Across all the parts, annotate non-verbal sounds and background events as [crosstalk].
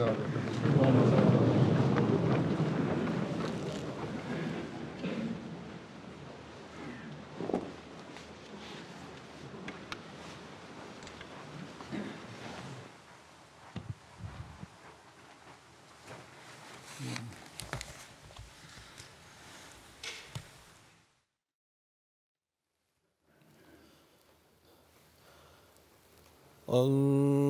God. Um...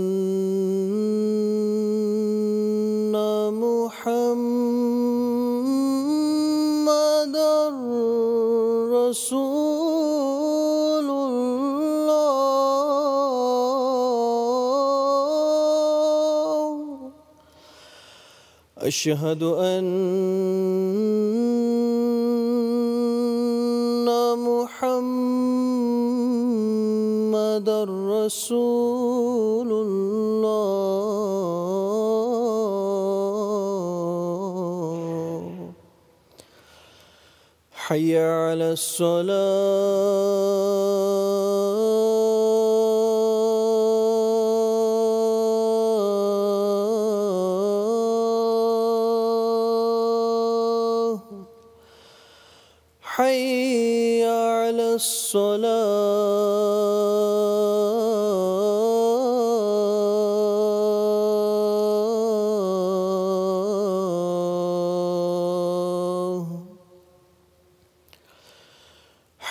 أشهد أن محمد رسول الله حي على الصلاه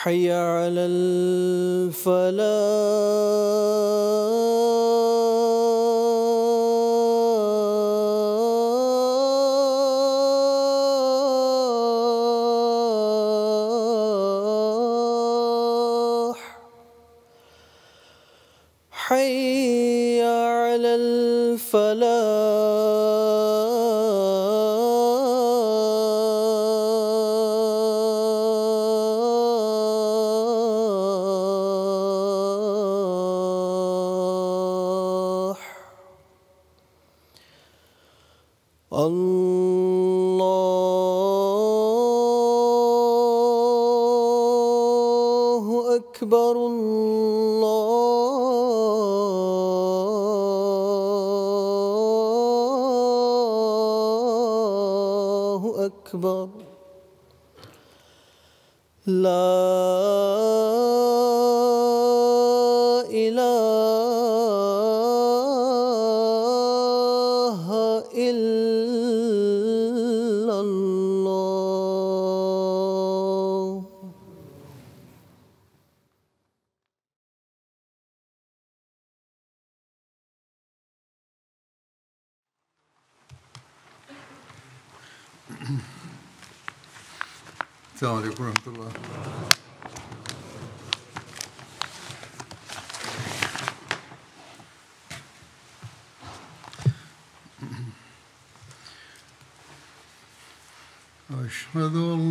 حي على الفلاح Selamun Aleyküm Rahmetullah. أشهد أن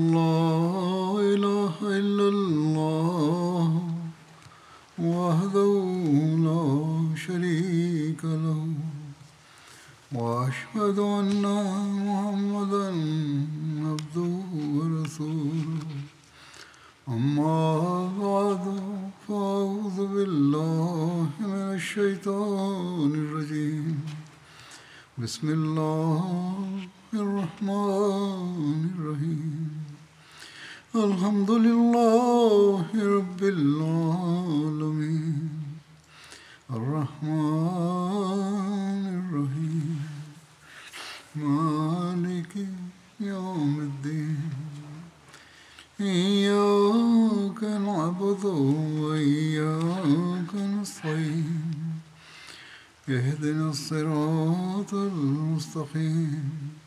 المستقيم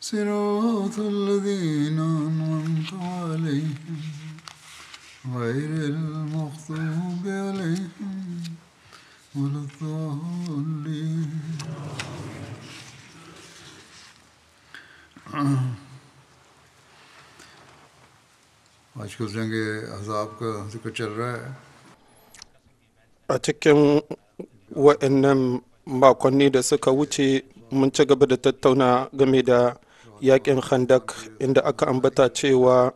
صراط الذين أنعمت عليهم غير المغضوب عليهم ولا الضالين آجکل جنگ عذاب کا a cikin waɗannan makonni da suka wuce mun ci gaba da tattauna game da yakin handak inda aka ambata cewa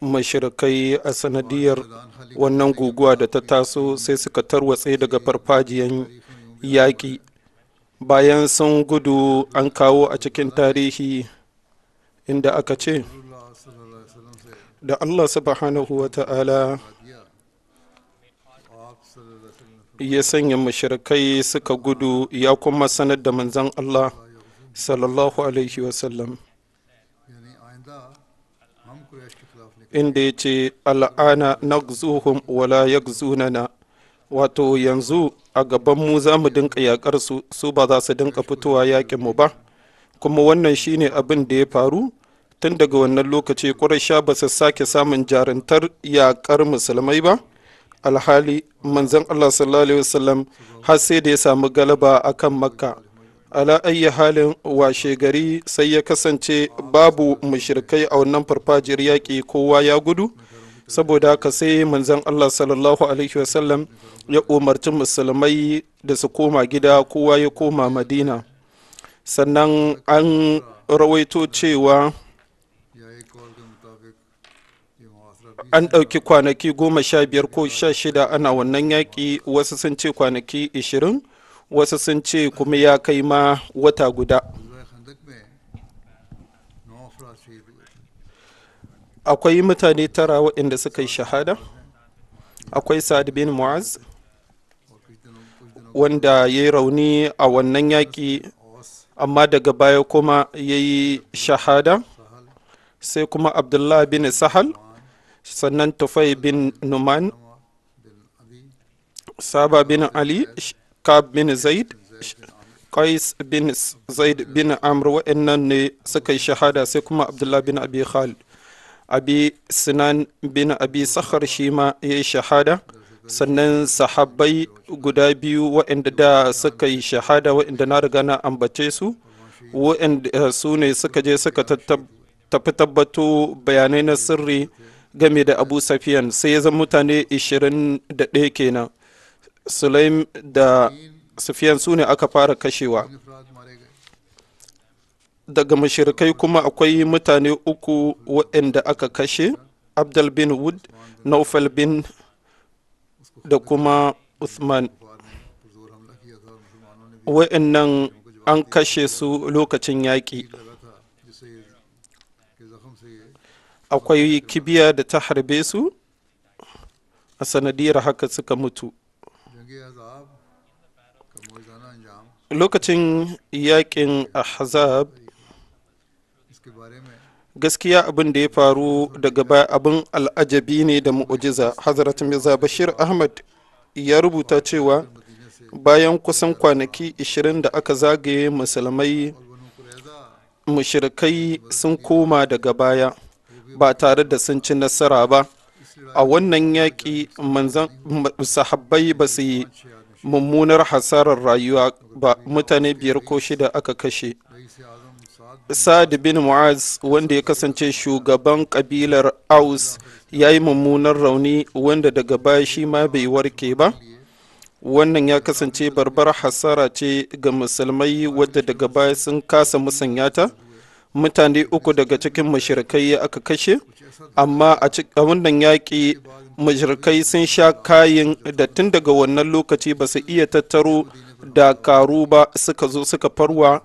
mashirkai a sanadiyar wannan guguwa da ta taso sai suka tarwatse daga farfajiyan yaƙi bayan sun gudu an kawo a cikin tarihi inda aka ce da allah subhanahu wa ta'ala ya sanya mashirkai suka gudu ya kuma sanar da manzan Allah sallallahu alaihi wasallam inda ya ce al'ana zuhun wala ya zunana wato yanzu a gaban mu za mu dinka yakar su ba za su dinka fitowa yakin mu ba kuma wannan shine abin da ya faru tun daga wannan lokaci ƙurasha ba su sake samun jarintar yakar musulmai ba alhali manzan allah sallallahu alaihi wasallam har sai da ya samu galaba akan makka ala ayi halin washe gari sai ya kasance babu mushrikai a wannan farfajiyar yaƙi kowa ya gudu saboda haka sai manzan allah sallallahu alaihi wasallam ya umarci musulmai da su koma gida kowa ya koma madina sannan an rawaito cewa an ɗauki kwanaki goma sha biyar ko sha shida ana wannan yaƙi wasu sun ce kwanaki ishirin wasu sun ce kuma ya kai ma wata guda akwai mutane tara waɗanda suka yi shahada akwai sa'ad bin mu'az wanda ya yi rauni a wannan yaƙi amma daga baya kuma ya yi shahada sai kuma abdullah bin sahal سنان توفي بن نومان سابا بن علي كاب بن زيد قيس بن زيد بن عمرو انن سكي شهادة سكما عبد الله بن ابي خالد ابي سنان بن ابي صخر شيما يي شهادة سنن صحابي غدا بيو وان دا سكي شهادة وان نار غانا امباتيسو وان سوني سكجي سكتت تبتبتو بيانين سري game da abu safiyan sai ya zama mutane 21 kenan sulaim da safiyan su ne aka fara kashewa daga mashirkai kuma akwai mutane uku waɗanda aka kashe abdul bin wood naufal bin da kuma uthman waɗannan an kashe su lokacin yaƙi akwai kibiya da ta harbe su a sanadiyar haka suka mutu lokacin yakin ahzab gaskiya abin da ya faru daga baya abin al'ajabi ne da mu'ujiza hazrat mirza bashir ahmad ya rubuta cewa bayan kusan kwanaki 20 da aka zagaye musulmai mushirikai sun koma daga baya ba tare da sun ci nasara ba a wannan yaƙi sahabbai ba su yi mummunar hasarar rayuwa ba mutane biyar ko shida aka kashe sa'ad bin mu'az wanda ya kasance shugaban kabilar aus ya yi mummunar rauni wanda daga baya shi ma bai warke ba wannan ya kasance barbar hasara ce ga musulmai wadda daga baya sun kasa musanyata mutane uku daga cikin mashirkai aka kashe amma a wannan yaƙi mashirkai sun sha kayan da tun daga wannan lokaci ba su iya tattaro da dakaru ba suka zo suka farwa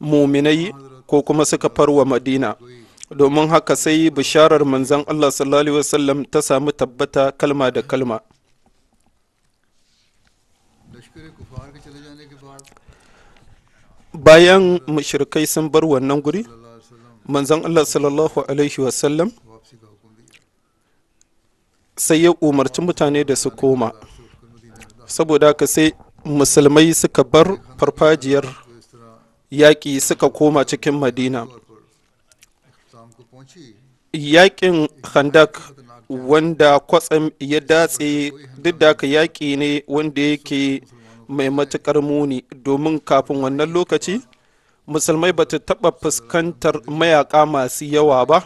muminai ko kuma suka farwa madina domin haka sai bisharar manzan allah sallallahu alaihi wasallam ta samu tabbata kalma da kalma bayan mushrikai sun bar wannan guri manzon Allah sallallahu alaihi wasallam sai ya umarci mutane da su koma saboda haka sai musulmai suka bar farfajiyar yaƙi suka koma cikin madina yaƙin handak wanda kwatsam ya datse duk da yaƙi ne wanda yake mai matuƙar muni domin kafin wannan lokaci musulmai ba ta taɓa fuskantar mayaƙa masu yawa ba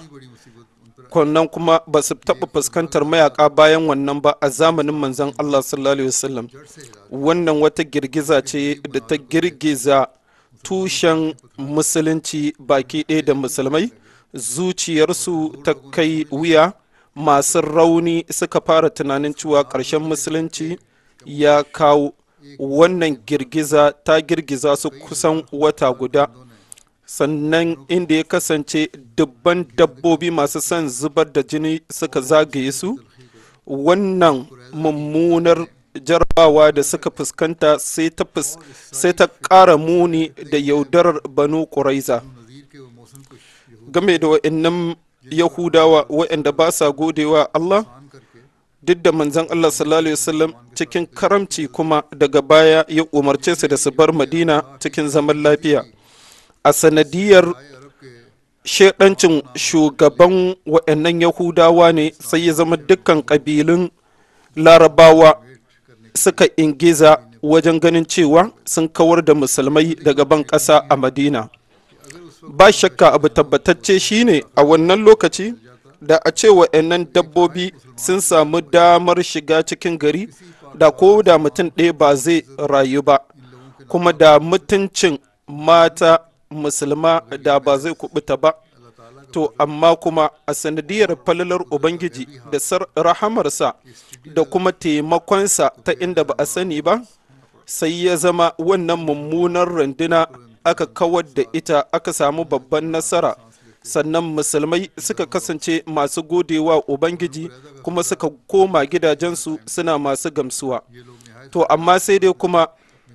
kwanan kuma ba su taɓa fuskantar mayaƙa bayan wannan ba a zamanin manzan Allah sallallahu alaihi wannan wata girgiza ce da ta girgiza tushen musulunci baki ɗaya da musulmai zuciyarsu ta kai wuya masu rauni suka fara tunanin cewa ƙarshen musulunci ya kawo wannan girgiza ta girgiza su kusan wata guda sannan inda ya kasance dubban dabbobi masu son zubar da jini suka zagaye su wannan mummunar jarabawa da suka fuskanta sai ta kara muni da yaudarar banu ƙuraiza game da wa'annan yahudawa wa'anda ba sa godewa allah duk da manzon Allah sallallahu alaihi cikin karamci kuma daga baya ya umarce su da su bar Madina cikin zaman lafiya a sanadiyar shedancin shugaban waannan Yahudawa ne sai ya zama dukkan ƙabilun Larabawa suka ingiza wajen ganin cewa sun kawar da musulmai daga ban ƙasa a Madina ba shakka abu tabbatacce shine a wannan lokaci da a ce wa'annan dabbobi sun samu damar shiga cikin gari da ko da mutum ɗaya ba zai rayu ba kuma da mutuncin mata musulma da ba zai kubuta ba to amma kuma a sanadiyar falalar ubangiji da rahamarsa da kuma taimakonsa ta inda ba a sani ba sai ya zama wannan mummunar randuna aka kawar da ita aka samu babban nasara sannan musulmai suka kasance masu godewa ubangiji kuma suka koma gidajensu suna masu gamsuwa to amma sai dai kuma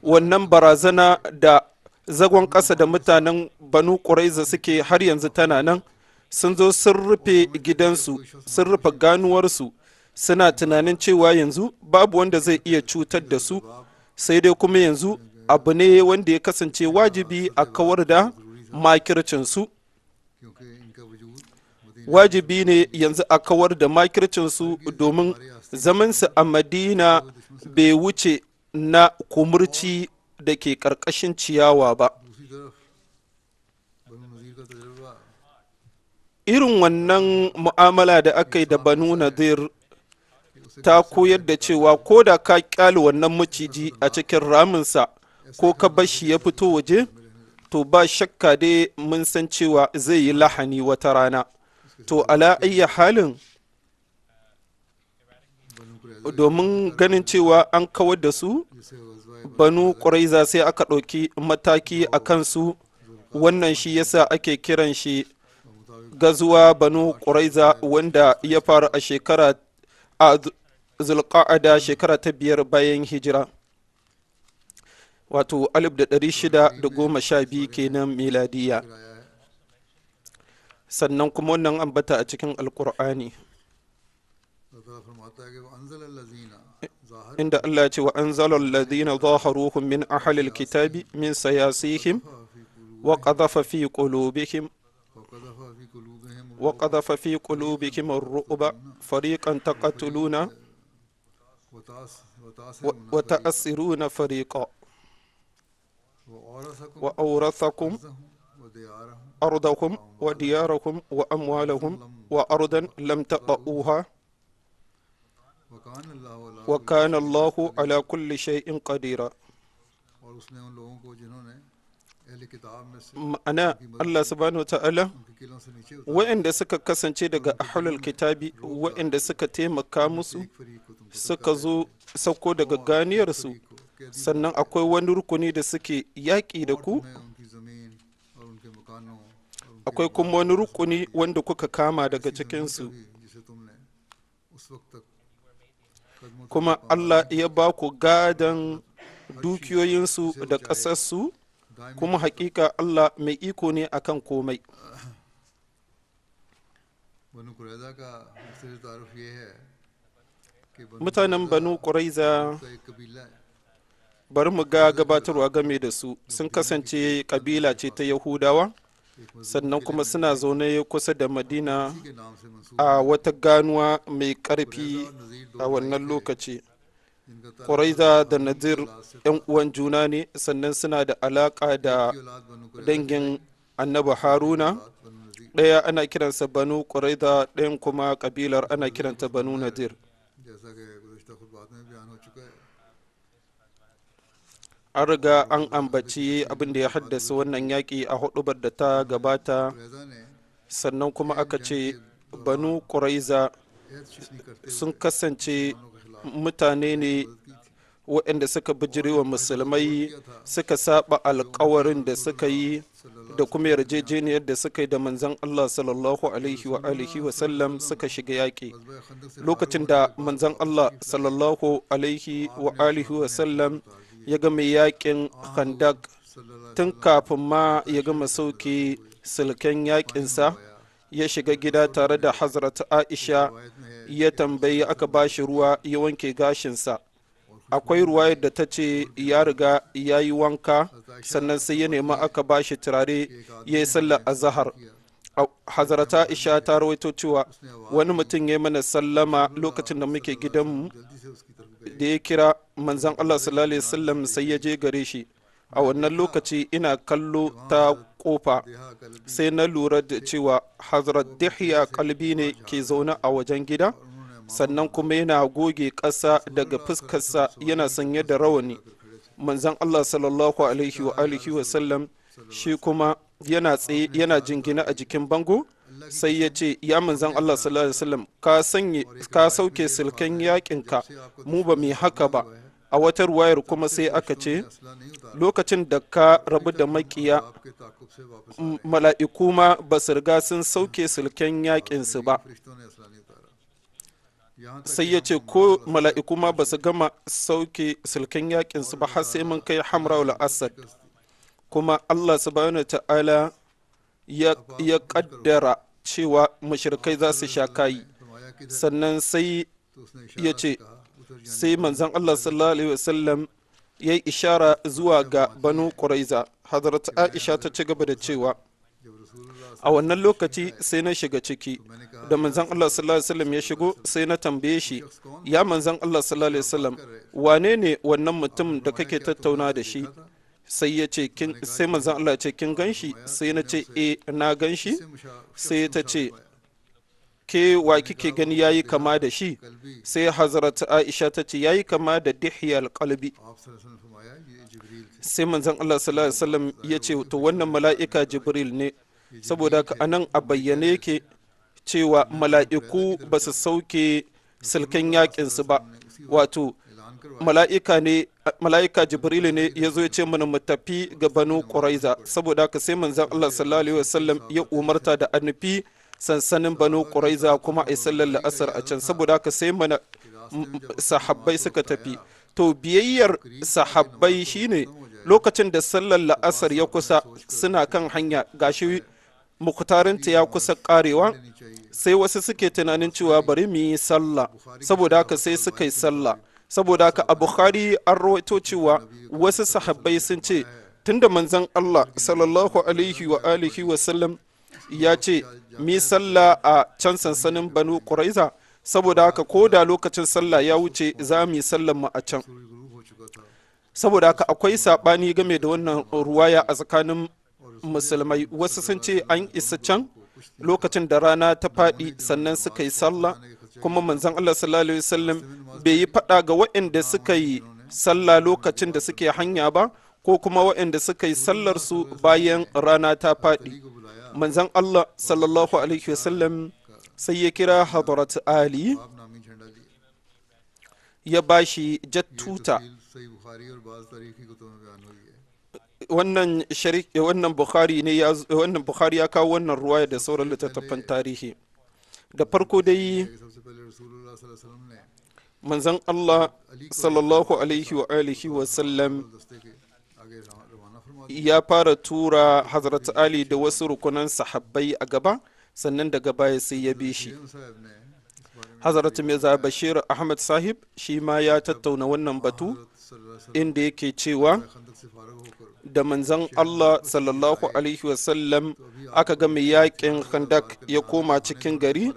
wannan barazana da zagon ƙasa da mutanen banu ƙuraiza suke har yanzu tana nan sun zo sun rufe gidansu sun rufe ganuwarsu suna tunanin cewa yanzu babu wanda zai iya cutar da su sai dai kuma yanzu abu ne wanda ya kasance wajibi a kawar da makircinsu wajibi ne yanzu a kawar da makircinsu domin zamansu a madina bai wuce na kumurci da ke ƙarƙashin ciyawa ba irin wannan mu'amala da aka yi da banu nadir ta koyar da cewa ko da ka kyale wannan maciji a cikin raminsa ko ka bashi ya fito waje to ba shakka dai mun san cewa zai yi lahani wata rana to ala ayya halin domin ganin cewa an kawar da su banu ƙuraiza sai aka ɗauki mataki a kansu wannan shi yasa ake kiran shi gazuwa banu ƙuraiza wanda ya faru a shekara a zulƙa'ada shekara ta biyar bayan hijira watu alib da da shida goma wato 1612 kenan miladiya sannan kuma wannan ambata a cikin alkur'ani inda Allah ya ce wa an zalar ladina zaharuhum min ahalil kitabi min sayasihim wa qadhafa fi qulubihim wa qadhafa fi qulubihim ar-ru'ba fariqan taqtuluna wa ta'siruna fariqan وأورثكم أرضهم وديارهم وأموالهم وأرضا لم تطؤوها وكان الله على كل شيء قدير أنا الله سبحانه وتعالى وإن دسك كسن شيء دعا أهل الكتاب وإن دسك تيم كاموس سكزو سكو دعا غاني رسول sannan akwai wani rukuni da suke yaƙi da ku akwai kuma wani rukuni wanda kuka kama daga cikinsu kuma allah ya ba ku gadon dukiyoyinsu da ƙasarsu kuma hakika allah mai iko ne akan komai mutanen banu ƙuraiza bari mu ga gabatarwa game da su sun kasance kabila ce ta yahudawa sannan kuma suna zaune kusa da madina a wata ganuwa mai karfi a wannan lokaci ƙuraiza da nazir 'yan uwan juna ne sannan suna da alaƙa da dangin annabi haruna ɗaya ana kiransa banu ƙuraiza ɗayan kuma kabilar ana kiranta banu nazir an riga an ambaci abin da ya haddasa wannan yaƙi a hudubar da ta gabata sannan kuma aka ce banu ƙuraiza sun kasance mutane ne waɗanda suka bijirewa musulmai suka saba alkawarin da suka yi da kuma yarjejeniyar da suka yi da manzan Allah sallallahu alaihi wa alihi wa sallam suka shiga yaƙi lokacin da manzan Allah sallallahu alaihi wa alihi wa sallam ya gama yakin khandak tun kafin ma ya gama sauki sulken yakinsa ya shiga gida tare da hazrat aisha ya tambayi aka ba shi ruwa ya wanke gashinsa akwai ruwa da ta ce ya riga ya yi wanka sannan sai ya nema aka ba shi turare ya yi sallar azahar hazarata isha ta rawaito cewa wani mutum ya yi mana sallama lokacin da muke gidanmu da ya kira manzan Allah sallallahu alaihi wasallam sai ya je gare shi a wannan lokaci ina kallo ta kofa sai na lura da cewa hazrat dihya kalbi ne ke zaune a wajen gida sannan kuma yana goge ƙasa daga fuskarsa yana sanye da rawani manzan Allah sallallahu alaihi wasallam shi kuma yana jingina a jikin bango sai ya ce ya manzan Allah sallallahu alaihi wasallam ka sauke yakin ka mu ba mu haka ba a wata ruwayar kuma sai aka ce lokacin da ka rabu da makiya mala'iku ma ba su riga sun sauke silken su ba sai ya ce ko mala'iku ma ba su gama sauke silken su ba har sai mun kai hamra asad kuma allah subhanahu ta'ala ya kaddara cewa mashirkai za su sha kayi sannan sai ya ce sai manzan allah sallallahu alaihi wasallam ya yi ishara zuwa ga banu ƙuraiza hazrat aisha ta ci gaba da cewa a wannan lokaci sai na shiga ciki da manzan Allah sallallahu alaihi wasallam ya shigo sai na tambaye shi ya manzan Allah sallallahu alaihi wasallam wane ne wannan mutum da kake tattauna da shi sai ya ce sai manzon Allah ce kin ganshi sai na ce eh na ganshi sai ta ce ke wa kike gani yayi kama da shi sai hazrat aisha ta ce yayi kama da dihyal qalbi sai manzan Allah sallallahu alaihi wasallam ya ce to wannan mala'ika jibril ne saboda ka anan a bayyane yake cewa mala'iku ba su sauke silken yakin su ba wato mala'ika ne mala'ika jibrilu ne ya zo ya ce mana mu tafi ga banu quraiza saboda haka sai manzon Allah sallallahu alaihi wasallam ya umarta da annabi sansanin banu quraiza kuma a sallar la'asar a can saboda haka sai mana sahabbai suka tafi to biyayyar sahabbai shine lokacin da sallar la'asar ya kusa suna kan hanya gashi muktarinta ya kusa karewa sai wasu suke tunanin cewa bari mu yi sallah saboda haka sai suka yi sallah saboda ka a bukhari an rawaito cewa wasu sahabbai sun ce tunda manzan allah sallallahu alaihi wa alihi wa sallam ya ce mi sallah a can sansanin banu kuraiza saboda haka ko da lokacin sallah ya wuce za mu yi sallan mu a can saboda haka akwai saɓani game da wannan ruwaya a tsakanin musulmai wasu sun ce an isa can lokacin da rana ta faɗi sannan suka yi sallah kuma manzon Allah sallallahu alaihi wasallam bai yi fada ga waɗanda suka yi sallah lokacin da suke hanya ba ko kuma waɗanda suka yi sallar su bayan rana ta faɗi manzon Allah sallallahu alaihi wasallam sai ya kira Hadrat ali ya bashi jattuta wannan bukhari ne wannan bukhari ya kawo wannan ruwaya da sauran littattafan tarihi da farko dai manzan Allah sallallahu alaihi wa alihi wa sallam ya fara tura Hazrat Ali da wasu rukunan sahabbai a gaba sannan daga baya sai ya bi shi hazarat mirza bashir ahmad sahib shi ma ya tattauna wannan batu inda yake cewa da manzan allah sallallahu alaihi wasallam aka gama yakin khandak ya koma cikin gari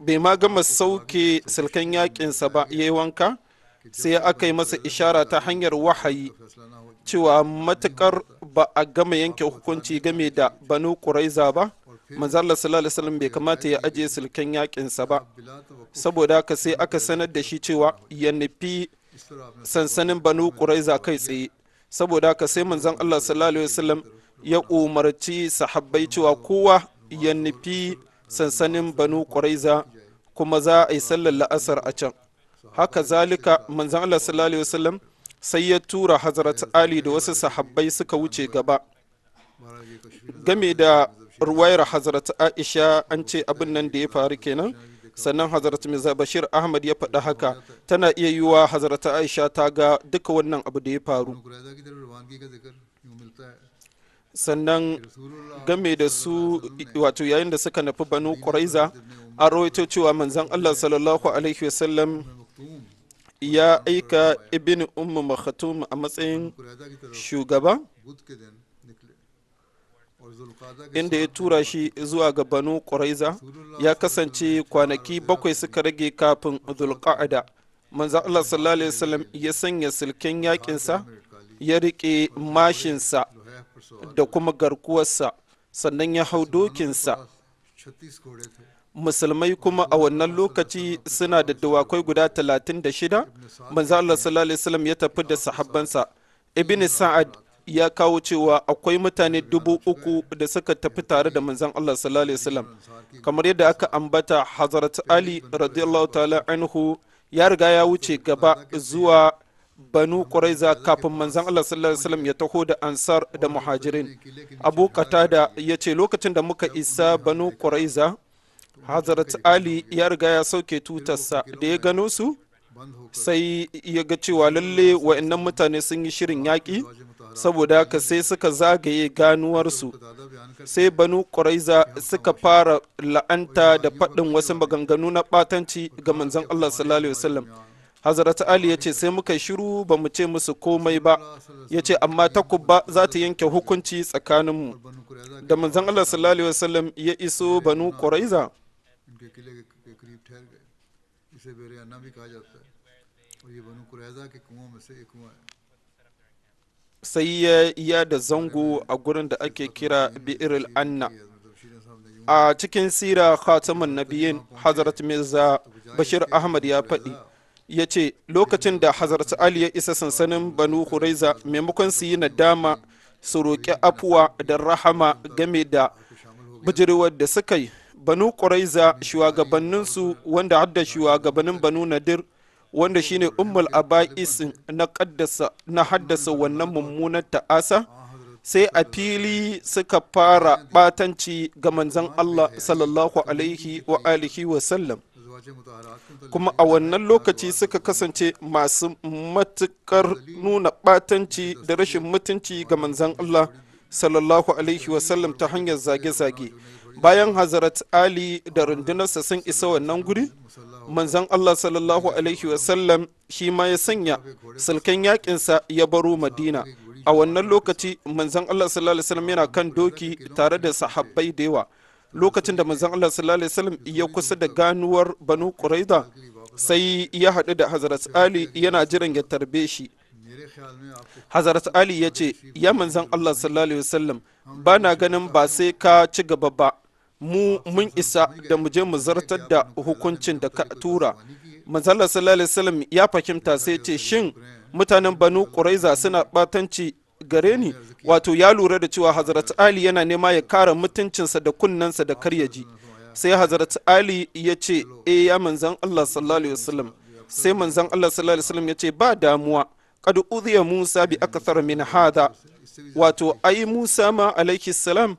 bai ma gama sauke silkan yakinsa ba ya yi wanka sai aka yi masa ishara ta hanyar wahayi cewa matukar ba a gama yanke hukunci game da banu ƙuraiza ba manzala sallallahu alaihi bai kamata ya ajiye sulken yakinsa ba saboda haka sai aka sanar da shi cewa ya nufi sansanin banu quraiza kai tsaye saboda haka sai manzon Allah sallallahu alaihi ya umarci sahabbai cewa kowa ya nufi sansanin banu quraiza kuma za a yi sallar la'asar a can haka zalika manzon Allah sallallahu alaihi sai ya tura Hazrat Ali da wasu sahabbai suka wuce gaba game da ruwayar hazrat aisha an ce abin nan da ya faru kenan sannan hazrat mirza bashir ahmad ya faɗa haka tana iya yiwa hazrat aisha ta ga duka wannan abu da ya faru sannan game da su wato yayin da suka nufi banu ƙuraiza a rawaito cewa manzan allah sallallahu alaihi wasallam ya aika ibn ummu makhatum a matsayin shugaba inda ya tura shi zuwa ga banu ƙuraiza ya kasance kwanaki bakwai suka rage kafin zulƙa'ada manzo Allah sallallahu alaihi ya sanya silken yaƙinsa ya riƙe mashinsa da kuma garkuwarsa sannan ya hau dokinsa musulmai kuma a wannan lokaci suna da dawakai guda 36 manzo Allah sallallahu alaihi ya tafi da sahabbansa ibn sa'ad ya kawo cewa akwai mutane dubu uku da suka tafi tare da manzan Allah kamar yadda aka ambata Hazrat Ali radiyallahu ta'ala anhu ya riga ya wuce gaba zuwa banu Quraiza kafin manzan Allah ya taho da ansar da muhajirin Abu da ya ce lokacin da muka isa banu Quraiza Hazrat Ali ya riga ya sauke tutarsa da ya gano su sai ya ga cewa lalle wa'annan mutane sun yi shirin yaƙi saboda haka sai suka zagaye ganuwarsu sai banu ƙuraiza suka fara la'anta da faɗin wasu maganganu na ɓatanci ga manzon allah sallallahu alaihi wasallam hazrat ali ya ce sai muka shiru ba mu ce musu komai ba ya ce amma takubba za ta yanke hukunci tsakaninmu da manzon allah sallallahu alaihi wasallam ya iso banu ƙuraiza sai ya iya da zango a gurin da ake kira bi'iril anna a cikin sira khatamun nabiyin hazrat mirza bashir ahmad ya faɗi ya ce lokacin da hazrat ali ya isa sansanin banu huraiza maimakon su yi nadama su roƙi afuwa da rahama game da bijirwar da suka yi banu ƙuraiza shugabanninsu wanda hadda shugabannin banu nadir wanda shine ummul aba'is na kaddasa na haddasa wannan mummunar ta'asa sai a fili suka fara batanci ga manzon Allah sallallahu alaihi wa alihi wa sallam kuma a wannan lokaci suka kasance masu matukar nuna batanci da rashin mutunci ga manzon Allah sallallahu alaihi wa sallam ta hanyar zage-zage bayan hazarat ali da rundunarsa sun isa wannan guri manzan Allah sallallahu alaihi wasallam shi ma ya sanya sulkan yakinsa ya baro madina a wannan lokaci manzan Allah sallallahu alaihi wasallam yana kan doki tare da sahabbai da yawa lokacin da manzan Allah sallallahu alaihi wasallam ya kusa da ganuwar banu quraiza sai ya haɗu da hazrat ali yana jiran ya tarbe shi hazrat ali ya ce ya manzan Allah sallallahu alaihi wasallam ba na ganin ba sai ka ci gaba ba mu mun isa da mu je mu zartar da hukuncin da ka tura manzala sallallahu ya fahimta sai ce shin mutanen banu ƙuraiza suna batanci gare ni wato ya lura da cewa hazrat ali yana nema ya kare mutuncinsa da kunnensa da karyaji sai hazrat ali ya ce e ya manzan allah sallallahu sai manzan allah sallallahu ya ce ba damuwa qad udhiya musa bi akthar min hadha wato ai musa ma alaihi salam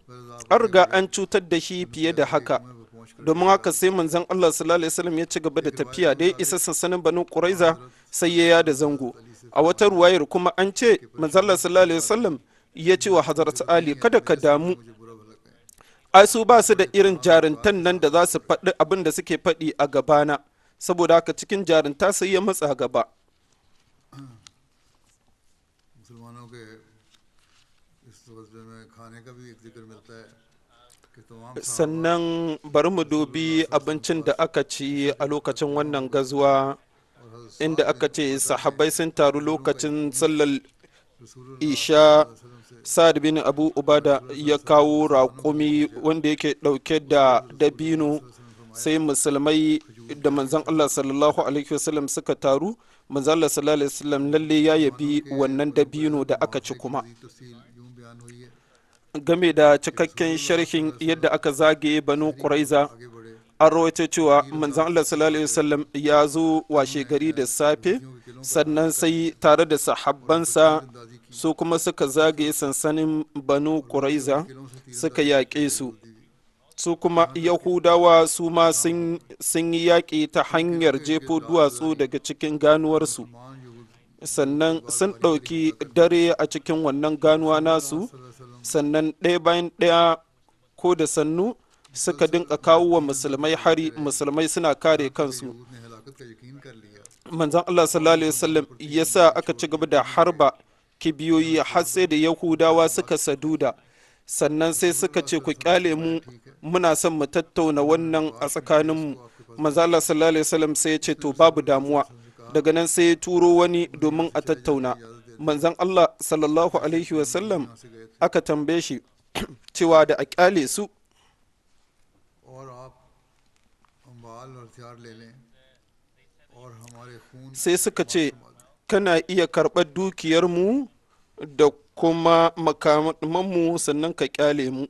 an riga an cutar da shi fiye da haka domin haka sai manzon Allah sallallahu alaihi wasallam ya ci gaba da tafiya da ya isa sansanin banu quraiza sai ya yada zango a wata ruwayar kuma an ce manzon Allah sallallahu alaihi wasallam ya ce wa hazrat ali kada ka damu ai su ba su da irin jarintan nan da za su faɗi abin da suke faɗi a gabana saboda haka cikin jarunta sai ya matsa gaba sannan bari mu dubi abincin da aka ci a lokacin wannan gazuwa inda aka ce sahabbai sun taru lokacin sallar isha sa'ad bin abu ubada ya kawo raƙumi wanda yake ɗauke da dabino sai musulmai da manzan allah sallallahu alaihi wasallam suka taru manzan allah sallallahu alaihi wasallam lalle ya yabi wannan dabino da aka ci kuma game da cikakken sharhin yadda aka zage banu ƙuraiza an rawaita cewa manzan Allah sallallahu alaihi ya zo washe gari da safe sannan sai tare da sahabbansa su kuma suka zagaye sansanin banu ƙuraiza suka yaƙe su su kuma yahudawa su ma sun yi yaƙi ta hanyar jefo duwatsu daga cikin ganuwarsu sannan sun ɗauki dare a cikin wannan ganuwa nasu sannan ɗaya bayan ɗaya ko da sannu suka dinka kawo wa musulmai hari musulmai suna kare kansu manzan allah sallallahu alaihi wasallam ya sa aka ci gaba da harba kibiyoyi har sai da yahudawa suka saduda sannan sai suka ce ku kyale mu muna son mu tattauna wannan a tsakaninmu manzan allah sallallahu alaihi wasallam sai ya ce to babu damuwa daga nan sai ya turo wani domin a tattauna manzan allah sallallahu alaihi wasallam aka tambaye shi [clears throat] cewa da a kyale su sai suka ce kana iya karɓar dukiyarmu da kuma makamanmu sannan ka kyale mu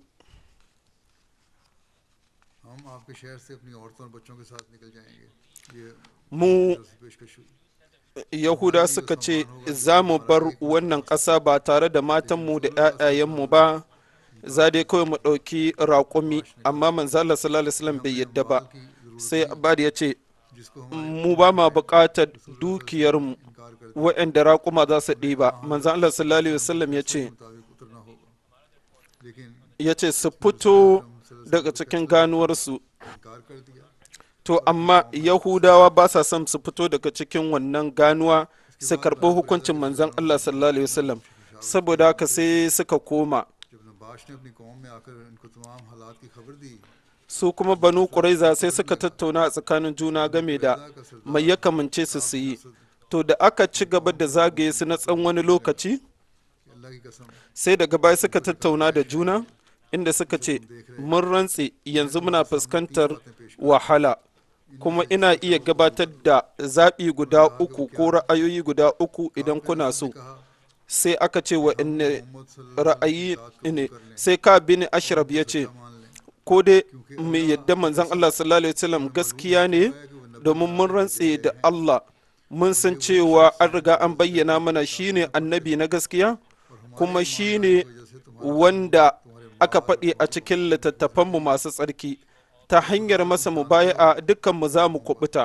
mu yahuda suka ce za mu bar wannan ƙasa ba tare da matanmu da 'ya'yayenmu ba za dai kawai mu ɗauki raƙumi amma manzala sallallahu bai yadda ba sai abad ya ce mu ba ma buƙatar dukiyarmu waɗanda raƙuma za su ɗiba manzala sallallahu ya ce ya ce su fito daga cikin ganuwarsu to amma yahudawa ba sa son su fito daga cikin wannan ganuwa su karɓi hukuncin manzan allah sallallahu alaihi wasallam saboda haka sai suka koma su kuma banu ƙuraiza sai suka tattauna a tsakanin juna game da mai ya kamance su su yi to da aka ci gaba da zagaye su na tsan wani lokaci sai daga baya suka tattauna da juna inda suka ce mun rantse yanzu muna fuskantar wahala kuma ina iya gabatar da zaɓi guda uku ko ra'ayoyi guda uku idan kuna so sai aka ce wa inne ra'ayi ne sai ka bin ashraf ya ce ko dai mu yadda manzan Allah sallallahu alaihi wasallam gaskiya ne domin mun rantse da Allah mun san cewa an riga an bayyana mana shine annabi na gaskiya kuma shine wanda aka faɗi a cikin littattafanmu masu tsarki ta hanyar masa mu a dukkan mu za mu kubuta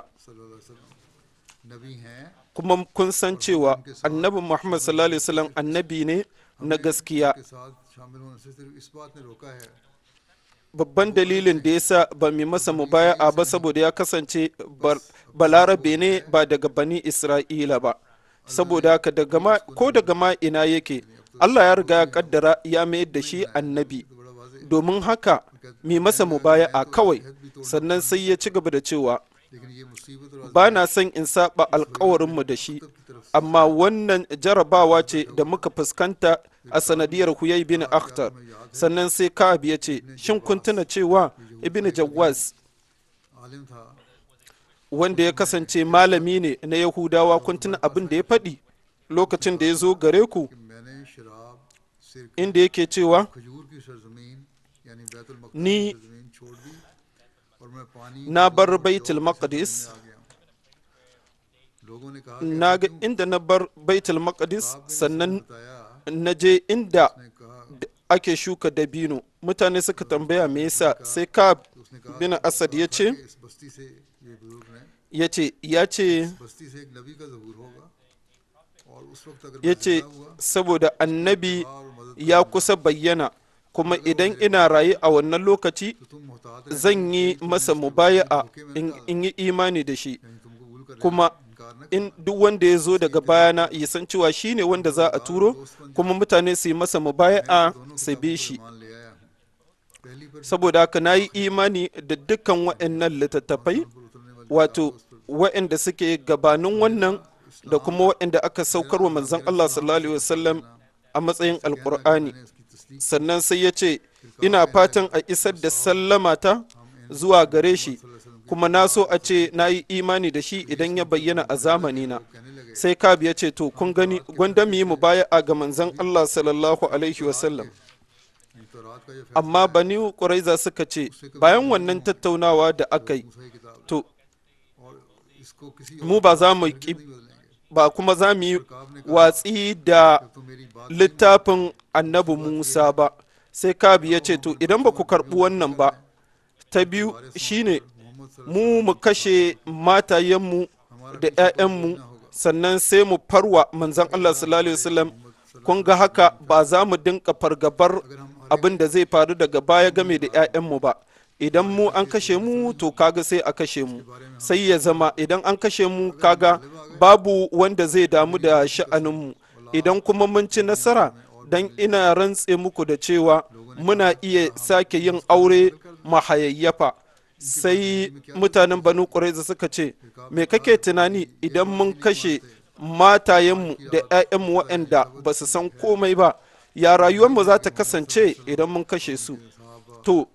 kuma kun san cewa annabi muhammad sallallahu alaihi wasallam annabi ne na gaskiya babban dalilin da ya sa ba mai masa mu mubaya'a ba saboda ya kasance balarabe ne ba daga bani isra'ila ba saboda daga ko daga ma ina yake allah ya riga ya kaddara ya mayar da shi annabi domin haka mai masa mu baya a kawai sannan sai ya ci gaba da cewa ba na son in saba alkawarinmu da shi amma wannan jarabawa ce da muka fuskanta a sanadiyar huyai bin akhtar sannan sai ka'ab ya ce shin kun tuna cewa ibn jawaz wanda ya kasance malami ne na yahudawa kun tuna abin da ya faɗi lokacin da ya zo gare ku inda yake cewa ni na bar baitul maqdis na ga inda na bar baitul maqdis sannan na je inda ake shuka dabino mutane suka tambaya me yasa sai ka bin asad ya ce ya ce ya ce ya ce saboda annabi ya kusa bayyana kuma idan ina rayu a wannan lokaci zan yi masa mubaya'a in yi imani da shi kuma in duk wanda ya zo daga bayana ya san cewa shi ne wanda za a turo kuma mutane su yi masa mubaya'a su bi shi saboda haka na yi imani da dukkan waɗannan littattafai wato waɗanda suke gabanin wannan da kuma waɗanda aka saukar wa manzon Allah sallallahu alaihi wasallam a matsayin alkur'ani sannan sai ya ce ina fatan a isar da sallama ta zuwa gare shi kuma na so a ce na yi imani da shi idan ya bayyana a zamanina sai ka ya ce to kun gani gwanda mu yi mu baya a ga manzan allah sallallahu alaihi wasallam amma bani ƙuraiza suka ce bayan wannan tattaunawa da aka yi to mu ba za mu ba kuma za mu yi watsi da littafin annabi musa ba sai kabi ya ce to idan ba ku karɓi wannan ba ta biyu shine mu mu kashe matayenmu da 'ya'yanmu sannan sai mu farwa manzan allah sallallahu wasallam kun ga haka ba za mu dinka fargabar abin da zai faru daga baya game da 'ya'yanmu ba idan mu an kashe mu to kaga sai a kashe mu sai ya zama idan an kashe mu kaga babu wanda zai damu da sha'aninmu idan kuma mun ci nasara don ina rantse muku da cewa muna iya sake yin aure mahayayyafa sai mutanen banu ƙuraiza suka ce me kake tunani idan mun kashe matayenmu da 'ya'yanmu waɗanda ba su san komai ba ya rayuwarmu za ta kasance idan mun kashe su to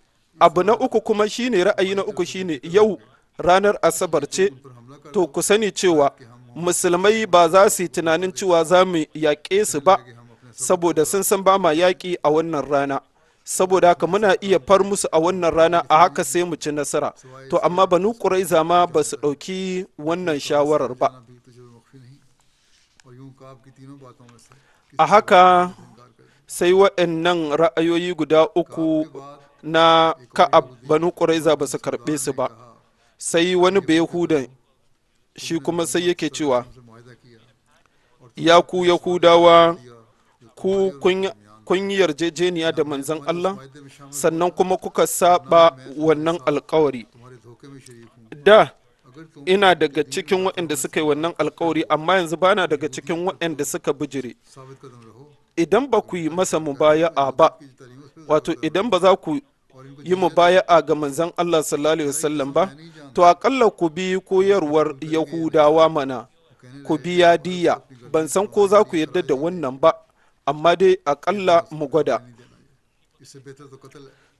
abu na uku kuma shine ra'ayi na uku shine yau ranar asabar ce to ku sani cewa musulmai ba za su yi tunanin cewa za mu yaƙe su ba saboda sun san ba ma yaƙi a wannan rana saboda haka muna iya far musu a wannan rana a haka sai mu ci nasara to amma banu ƙurai zama ba su ɗauki wannan shawarar ba a haka sai waɗannan ra'ayoyi guda uku na ka'ab banu ƙuraiza ba su karɓe su ba sai wani huda shi kuma sai yake cewa ya ku yahudawa ku kun yi yarjejeniya da manzan allah sannan kuma kuka saba wannan alkawari da ina daga cikin waɗanda suka yi wannan alkawari amma yanzu bana daga cikin waɗanda suka bijire idan ba ku yi masa mubaya'a ba wato idan ba za ku yi mu baya a ga manzan Allah sallallahu alaihi wasallam ba to akalla ku bi koyarwar yahudawa mana ku biya yadiya ban san ko za ku yarda da wannan ba amma dai akalla mu gwada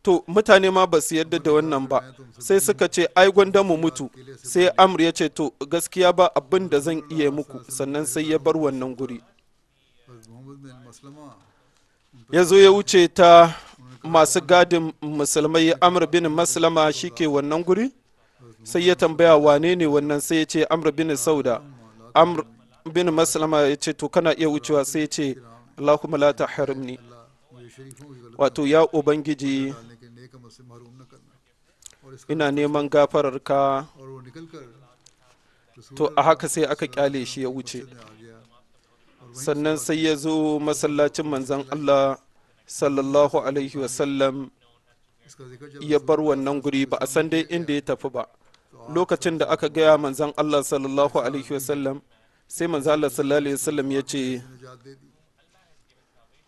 to mutane ma ba su yarda da wannan ba sai suka ce ai gwanda mu mutu sai amr ya ce to gaskiya ba abin da zan iya muku sannan sai ya bar wannan guri ya zo ya wuce ta masu gadin musulmai amr bin maslama shike wannan guri sai ya tambaya wane ne wannan sai ya ce amr bin sauda amr bin maslama ya ce to kana iya wucewa sai ya ce allahumma la tahrimni wato ya ubangiji ina neman gafararka to a haka sai aka kyale shi ya wuce sannan sai ya zo masallacin manzan allah sallallahu alaihi wasallam ya bar wannan guri ba a san dai inda ya tafi ba lokacin da aka gaya manzan Allah sallallahu alaihi wasallam sai manzan Allah sallallahu alaihi wasallam ya ce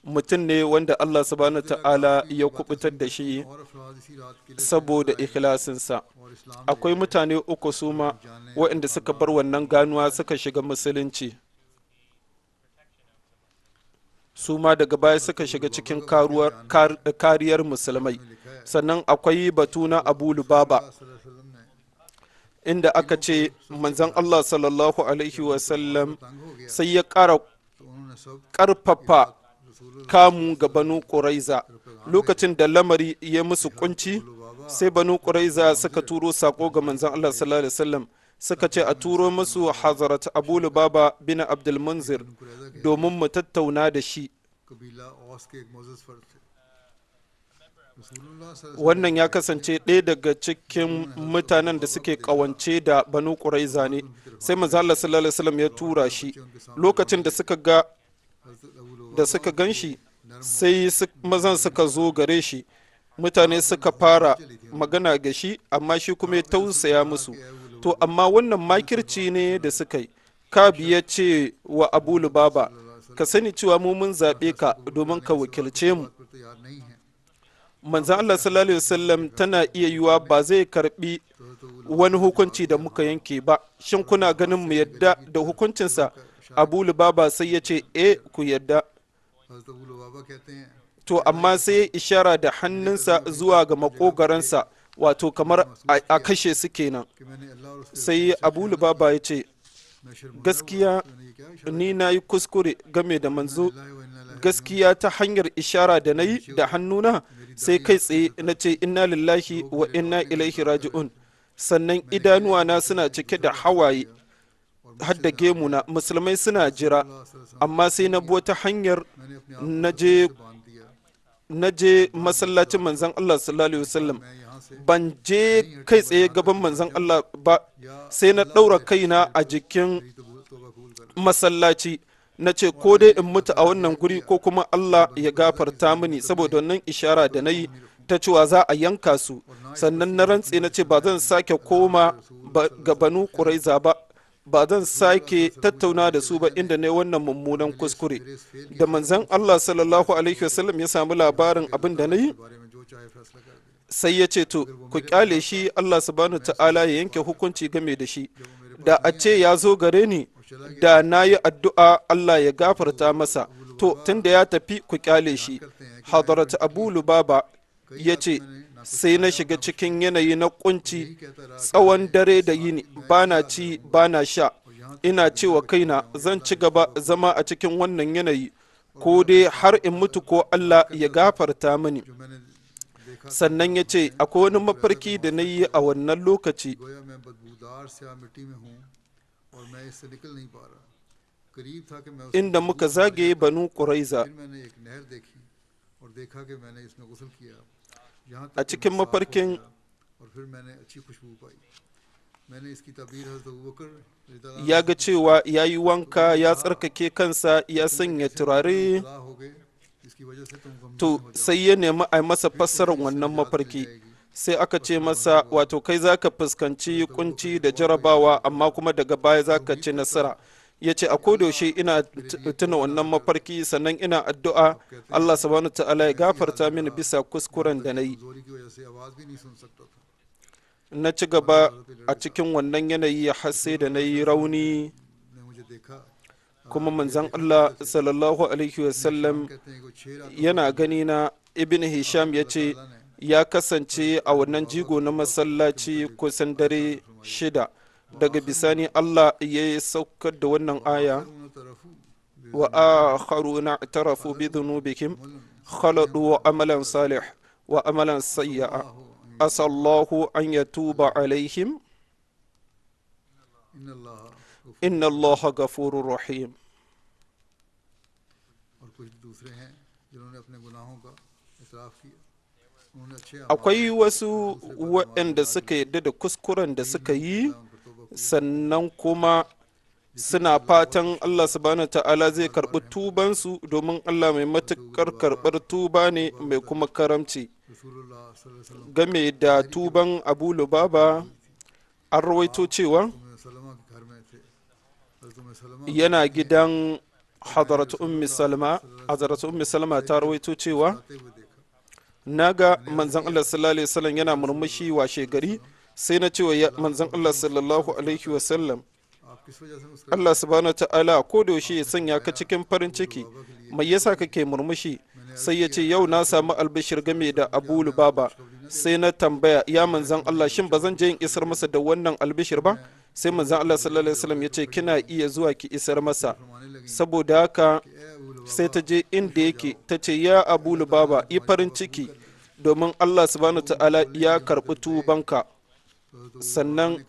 mutum ne wanda Allah subhanahu ta'ala ya kubutar da shi saboda ikhlasinsa akwai mutane uku suma waɗanda suka bar wannan ganuwa suka shiga musulunci su ma daga baya suka shiga cikin kariyar musulmai sannan akwai batu na abu lubaba inda aka ce manzan allah sallallahu alaihi wasallam sai ya kara karfafa kamu ga banu ƙuraiza lokacin da lamari ya musu kunci sai banu ƙuraiza suka turo sako ga manzan allah sallallahu alaihi wasallam suka ce a turo musu hazarat abu lubaba bin abdulmunzir domin mu tattauna da shi wannan ya kasance ɗaya daga cikin mutanen da suke kawance da banu ƙuraiza ne sai mazala sallallahu ya tura shi lokacin da suka ga da suka gan shi sai mazan suka zo gare shi mutane suka fara magana ga shi amma shi kuma ya tausaya musu to amma wannan makirci ne da suka yi kab ya ce wa abu lubaba ka sani cewa mu mun zaɓe ka domin ka wakilce mu manzan allah sallallahu wasallam tana iya yiwa ba zai karbi wani hukunci da muka yanke ba shin kuna ganin mu yadda da hukuncinsa abu lubaba sai ya ce e ku yadda to amma sai ya ishara da hannunsa zuwa ga makogaransa wato kamar a kashe su kenan sai abu lubaba ya ce gaskiya ni na yi kuskure game da manzo gaskiya ta hanyar ishara da na yi da hannuna sai kai tsaye na ce inna lillahi wa inna ilaihi raji'un sannan idanuwa na suna cike da hawaye hadda na musulmai suna jira amma sai na ta hanyar na je masallacin manzan allah sallallahu alaihi wasallam ban je kai tsaye gaban manzan Allah ba sai na ɗaura kaina a jikin masallaci na ce ko dai in mutu a wannan guri ko kuma Allah ya gafarta mini saboda wannan ishara da na yi ta cewa za a yanka su sannan na rantse na ce ba zan sake koma ga banu ƙuraiza ba ba zan sake tattauna da su ba inda ne wannan mummunan kuskure da manzan Allah sallallahu alaihi wasallam ya samu labarin abin da na yi sai ya ce to ku kyale shi Allah subhanahu ta'ala ya yanke hukunci game da shi da a ce ya zo gare ni da na yi addu'a Allah ya gafarta masa to tunda ya tafi ku kyale shi hadarat abu lubaba ya ce sai na shiga cikin yanayi na kunci tsawon dare da yini bana ci bana sha ina cewa kaina zan ci gaba zama a cikin wannan yanayi ko dai har in mutu ko Allah ya gafarta mini sannan ya ce akwai wani mafarki da na yi a wannan lokaci inda muka zagaye banu ƙuraiza a cikin mafarkin ya ga cewa ya yi wanka ya tsarkake kansa ya sanya turare to sai ya nemi a masa fassarar wannan mafarki sai aka ce masa wato kai za ka fuskanci kunci da jarabawa amma kuma daga baya za ka ci nasara ya ce a daushe ina tuna wannan mafarki sannan ina addu'a allah subhanahu ta'ala ya gafarta mini bisa kuskuren da na yi na ci gaba a cikin wannan yanayi ya hasse da na yi rauni kuma manzan Allah sallallahu alaihi wasallam yana gani na ibn hisham ya ce ya kasance a wannan jigo na masallaci kusan dare shida daga bisani Allah ya saukar da wannan aya wa a haruna tarafu bi dhunubihim khaladu wa amalan salih wa amalan sayya'a asallahu an yatuba alaihim inna allaha ghafurur rahim akwai wasu waɗanda suka yadda da kuskuren da suka yi sannan kuma suna fatan allah subhanahu ta'ala zai karɓi tubansu domin allah mai matuƙar karɓar tuba ne mai kuma karamci game da tuban abu lubaba an rawaito cewa yana gidan hadarat ummi salama ta rawaito cewa na ga manzan Allah sallallahu alaihi wasallam yana murmushi washe gari sai na cewa manzan Allah sallallahu alaihi wasallam Allah subhanahu ta'ala ko da yaushe ya sanya ka cikin farin ciki mai yasa kake murmushi sai ya ce yau na samu albishir game da Abu Lubaba sai na tambaya ya manzan Allah shin zan je in isar masa da wannan albishir ba sai manzan Allah sallallahu alaihi wasallam ya ce kina iya zuwa ki isar masa saboda haka sai ta je inda yake ta ce ya abu lubaba yi farin ciki domin Allah subhanahu ta'ala ya karɓi tubanka sannan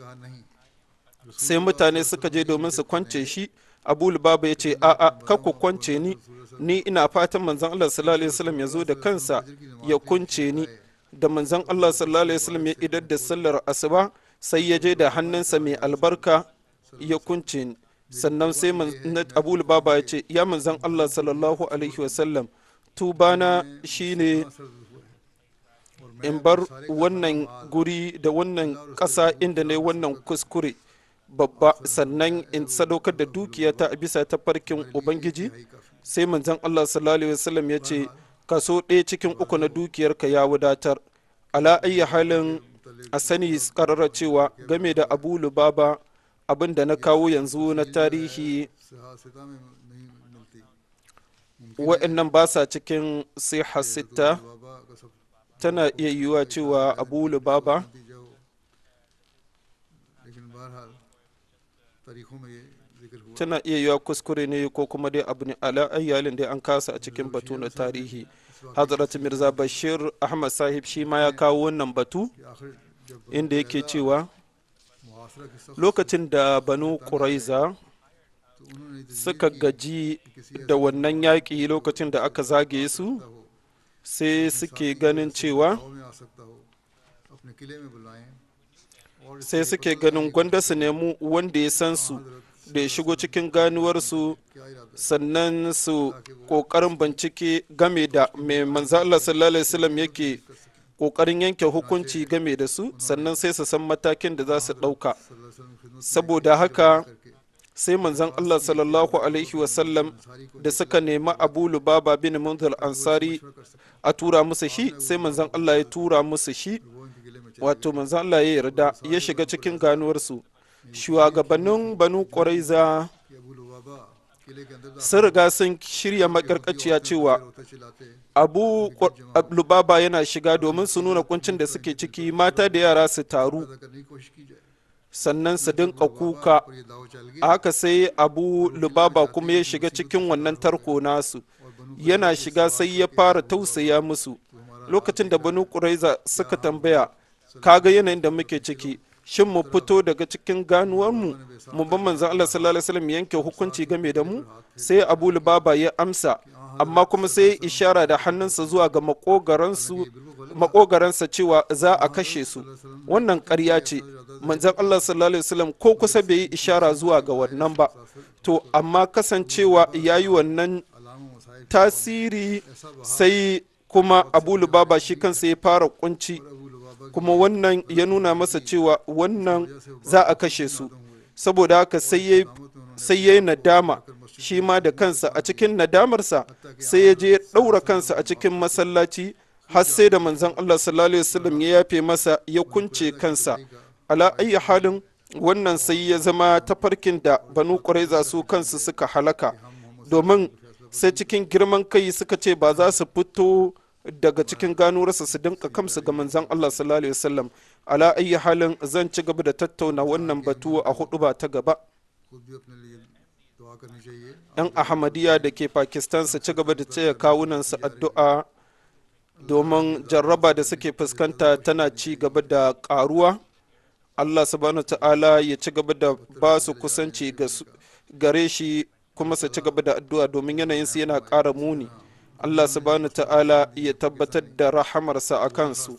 sai mutane suka je domin su kwance shi abu lubaba ya ce a'a ka ku kwance ni ni ina fatan manzan Allah sallallahu alaihi wasallam ya zo da kansa ya kunce ni da manzan Allah sallallahu alaihi wasallam ya idar da sallar asuba sai ya je da hannunsa mai albarka ya kunce sannan sai abu baba ya ce ya manzan allah sallallahu alaihi wasallam tubana shine in bar wannan guri da wannan ƙasa inda ne wannan kuskure babba sannan in sadaukar da ta a bisa ta farkin ubangiji sai manzan allah sallallahu alaihi wasallam ya ce kaso ɗaya cikin uku na dukiyarka ya wadatar ala halin a sani karara cewa game da abu lubaba abin da na kawo yanzu na tarihi wa'annan ba sa cikin siha sita tana iya yiwuwa cewa abu lubaba tana iya yiwuwa kuskure ne ko kuma dai abu ne ala dai an kasa a cikin batu na tarihi hazrat mirza bashir ahmad sahib shi ma ya kawo wannan batu inda yake cewa lokacin da banu ƙuraiza suka gaji da wannan yaƙi lokacin da aka zage su sai suke ganin cewa sai suke ganin gwanda su nemi wanda ya san su da ya shigo cikin ganuwarsu sannan su ƙoƙarin bincike game da mai manzo Allah sallallahu alaihi wasallam yake ƙoƙarin yanke hukunci game da su sannan sai su san matakin da za su ɗauka saboda haka sai manzon Allah sallallahu alaihi wasallam da suka nemi abu lubaba bin munzal ansari a tura musu shi sai manzon Allah ya tura musu shi wato manzon Allah ya yarda ya shiga cikin ganuwarsu shugabannin banu ƙwaraiza sun riga sun shirya makarkaciya cewa abu lubaba yana shiga domin su nuna kuncin da suke ciki mata da yara su taru sannan su dinka kuka haka sai abu lubaba kuma ya shiga cikin wannan tarko nasu yana shiga sai ya fara tausaya musu lokacin da banu ƙuraiza suka tambaya kaga yanayin da muke ciki shin mu fito daga cikin ganuwar mu ban manzan Allah sallallahu alaihi wasallam yanke hukunci game da mu sai Abu Lubaba ya amsa amma kuma sai ishara da hannunsa zuwa ga makogaransa cewa za a kashe su wannan ƙarya ce manzan Allah sallallahu alaihi ko kusa bai yi ishara zuwa ga wannan ba to amma kasancewa yayi wannan tasiri sai kuma abu lubaba shi kansa ya fara kunci kuma wannan ya nuna masa cewa wannan za a kashe su saboda haka sai ya yi nadama shi ma da kansa a cikin nadamarsa sai ya je ɗaura kansa a cikin masallaci har sai da manzan Allah sallallahu alaihi wasallam ya yafe masa ya kunce kansa ala halin wannan sai ya zama tafarkin da banu ƙuraiza su kansu suka halaka domin sai cikin girman kai suka ce ba za su fito daga cikin ganuwarsa su dinka kamsu ga manzan Allah sallallahu alaihi wasallam ala ayi halin zan ci gaba da tattauna wannan batu a hudu ba ta gaba yan ahmadiyya da ke pakistan su ci gaba da kawunan su addu'a domin jarraba da suke fuskanta tana ci gaba da karuwa allah subhanahu ta'ala ya ci gaba da ba su kusanci gare shi kuma su ci gaba da addu'a domin yanayin su yana ƙara muni Allah subhanahu ta'ala ya tabbatar da rahamarsa a kansu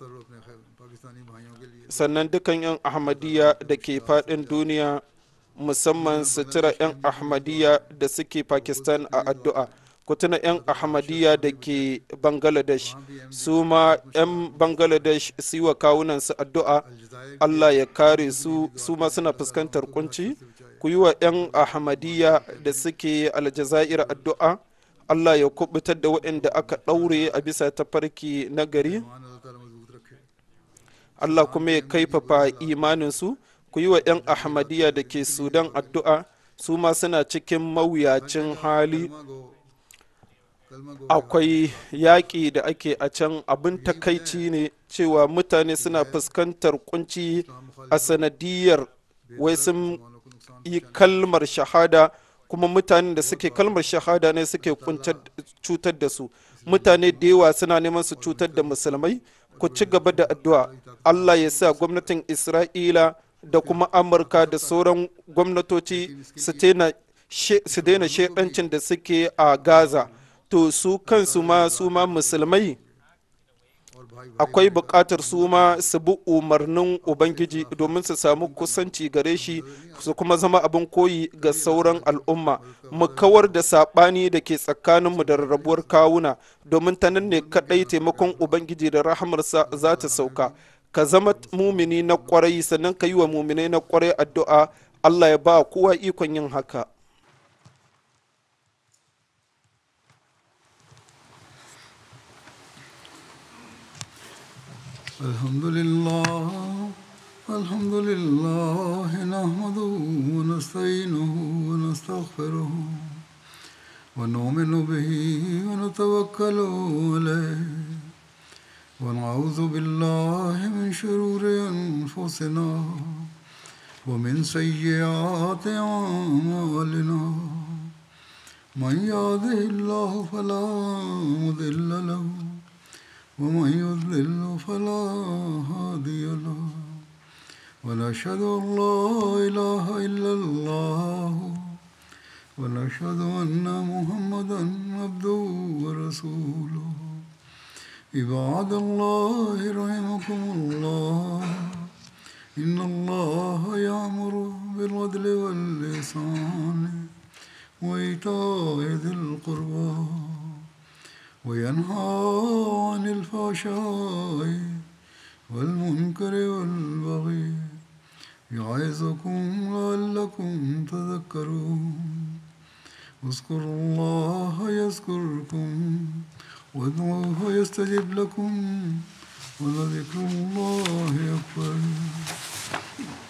sannan dukan 'yan ahmadiyya da ke faɗin duniya musamman sutura 'yan ahmadiyya da suke pakistan a addu'a ku tuna 'yan ahmadiyya da ke bangladesh su ma 'yan bangladesh su yi wa kawunansu addu'a allah ya kare su su ma suna fuskantar kunci ku yi wa 'yan ahmadiyya da suke aljazair addu'a Allah ya kubutar da waɗanda aka ɗaure a bisa tafarki na gari Allah kuma ya kaifafa imaninsu ku yi wa 'yan ahmadiyya da ke sudan addu'a su ma suna cikin mawuyacin hali akwai yaƙi da ake a can abin takaici ne cewa mutane suna fuskantar kunci a sanadiyar wai sun yi kalmar shahada kuma mutanen da suke kalmar shahada ne suke cutar da su mutane da yawa suna neman su cutar da musulmai ku ci gaba da addu'a allah ya sa gwamnatin isra'ila da kuma amurka da sauran gwamnatoci su daina shaidancin da suke a gaza to su kansu ma su ma musulmai akwai bukatar su ma su bi umarnin ubangiji domin su samu kusanci gare shi su kuma zama abin koyi ga sauran al'umma mu kawar da saɓani da ke tsakanin mu da rabuwar kawuna domin ta nan ne kaɗai taimakon ubangiji da rahamarsa za ta sauka ka zama mumini na kwarai sannan ka yi wa muminai na kwarai addu'a allah ya ba kowa ikon yin haka الحمد لله الحمد لله نحمده ونستعينه ونستغفره ونؤمن به ونتوكل عليه ونعوذ بالله من شرور انفسنا ومن سيئات اعمالنا من يهده الله فلا مضل له ومن يضلل فلا هادي له ونشهد أن لا إله إلا الله ونشهد أن محمدا عبده ورسوله عباد الله رحمكم الله إن الله يأمر بالعدل واللسان وإيتاء ذي القربان وينهى عن الفحشاء والمنكر والبغي يعظكم لعلكم تذكرون اذكروا الله يذكركم وادعوه يستجب لكم ولذكر الله أكبر